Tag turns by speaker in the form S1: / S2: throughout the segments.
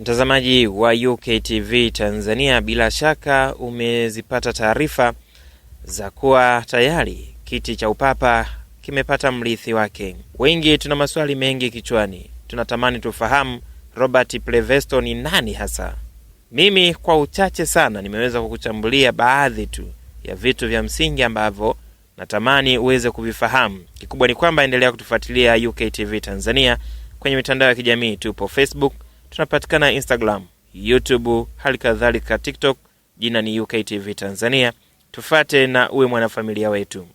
S1: Mtazamaji wa UKTV Tanzania, bila shaka umezipata taarifa za kuwa tayari kiti cha upapa kimepata mrithi wake. Wengi tuna maswali mengi kichwani, tunatamani tufahamu Robert Plevesto ni nani hasa. Mimi kwa uchache sana nimeweza kukuchambulia baadhi tu ya vitu vya msingi ambavyo natamani uweze kuvifahamu. Kikubwa ni kwamba endelea kutufuatilia UKTV Tanzania kwenye mitandao ya kijamii, tupo Facebook tunapatikana Instagram, YouTube, hali kadhalika TikTok. Jina ni UKTV Tanzania. Tufate na uwe mwanafamilia wetu.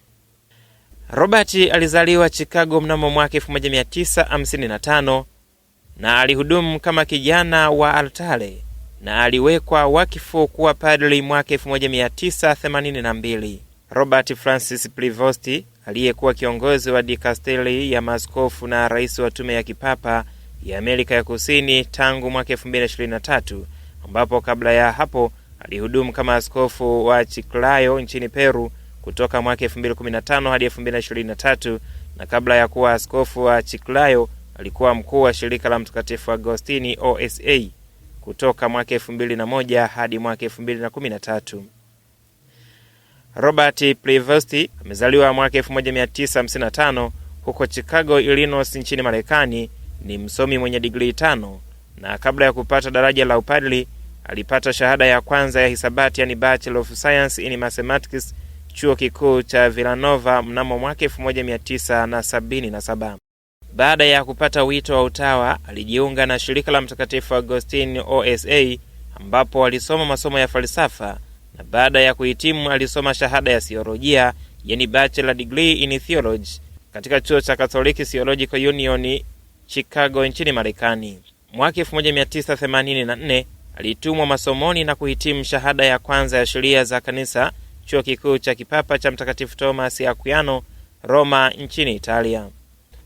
S1: Robert alizaliwa Chicago mnamo mwaka 1955 na alihudumu kama kijana wa altare na aliwekwa wakifu kuwa padli mwaka 1982. Robert Francis plivosti aliyekuwa kiongozi wa dikasteli ya maskofu na rais wa tume ya kipapa ya Amerika ya Kusini tangu mwaka 2023 ambapo kabla ya hapo alihudumu kama askofu wa Chiclayo nchini Peru kutoka mwaka 2015 hadi 2023, na kabla ya kuwa askofu wa Chiclayo alikuwa mkuu wa shirika la Mtakatifu Agostini OSA kutoka mwaka moja hadi mwaka tatu. Robert Prevost amezaliwa mwaka 1955 huko Chicago, Illinois nchini Marekani ni msomi mwenye digrii tano na kabla ya kupata daraja la upadli alipata shahada ya kwanza ya hisabati, yani Bachelor of Science in Mathematics, chuo kikuu cha vilanova mnamo mwaka 1977. Baada ya kupata wito wa utawa, alijiunga na shirika la Mtakatifu agostin OSA, ambapo alisoma masomo ya falsafa na baada ya kuhitimu alisoma shahada ya siolojia yani Bachelor degree in Theology katika chuo cha Catholic Theological Union Chicago nchini Marekani. Mwaka 1984 alitumwa masomoni na kuhitimu shahada ya kwanza ya sheria za kanisa chuo kikuu cha kipapa cha Mtakatifu Thomas aquiano Roma nchini Italia,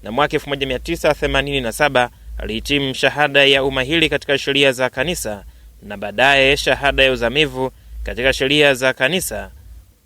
S1: na mwaka 1987 alihitimu shahada ya umahili katika sheria za kanisa na baadaye shahada ya uzamivu katika sheria za kanisa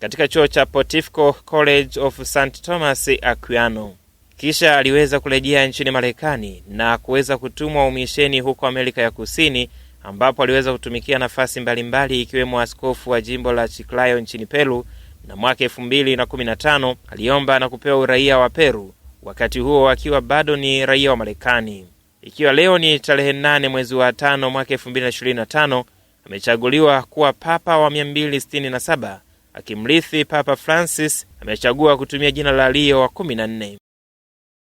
S1: katika chuo cha Pontifical College of St Thomas aquiano kisha aliweza kurejea nchini Marekani na kuweza kutumwa umisheni huko Amerika ya Kusini, ambapo aliweza kutumikia nafasi mbalimbali ikiwemo askofu wa jimbo la chiklayo nchini Peru, na mwaka elfu mbili na kumi na tano aliomba na kupewa uraia wa Peru, wakati huo akiwa bado ni raia wa Marekani. Ikiwa leo ni tarehe nane mwezi wa tano mwaka elfu mbili na ishirini na tano amechaguliwa kuwa papa wa 267 akimrithi Papa Francis. Amechagua kutumia jina la lio wa 14.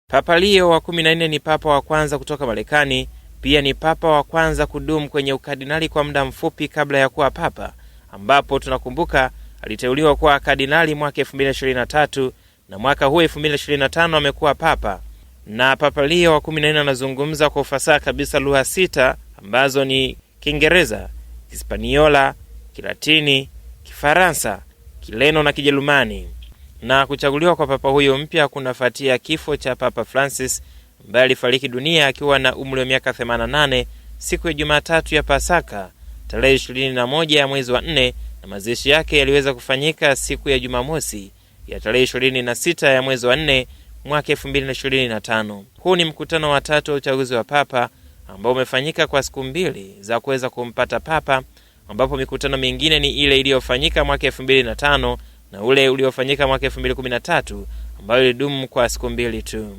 S1: Papa Leo wa 14 ni papa wa kwanza kutoka Marekani, pia ni papa wa kwanza kudumu kwenye ukardinali kwa muda mfupi kabla ya kuwa papa, ambapo tunakumbuka aliteuliwa kuwa kardinali mwaka 2023 na mwaka huu 2025 amekuwa papa. Na Papa Leo wa 14 anazungumza kwa ufasaha kabisa lugha sita ambazo ni Kiingereza, Hispaniola, Kilatini, Kifaransa, kileno na Kijerumani na kuchaguliwa kwa papa huyo mpya kunafuatia kifo cha Papa Francis ambaye alifariki dunia akiwa na umri wa miaka 88 siku ya Jumatatu ya Pasaka tarehe 21 ya mwezi wa 4, na mazishi yake yaliweza kufanyika siku ya Jumamosi ya tarehe 26 ya mwezi wa 4 mwaka 2025. Huu ni mkutano wa tatu wa uchaguzi wa papa ambao umefanyika kwa siku mbili za kuweza kumpata papa, ambapo mikutano mingine ni ile iliyofanyika mwaka 2005 na ule uliofanyika mwaka 2013 ambayo ilidumu kwa siku mbili tu.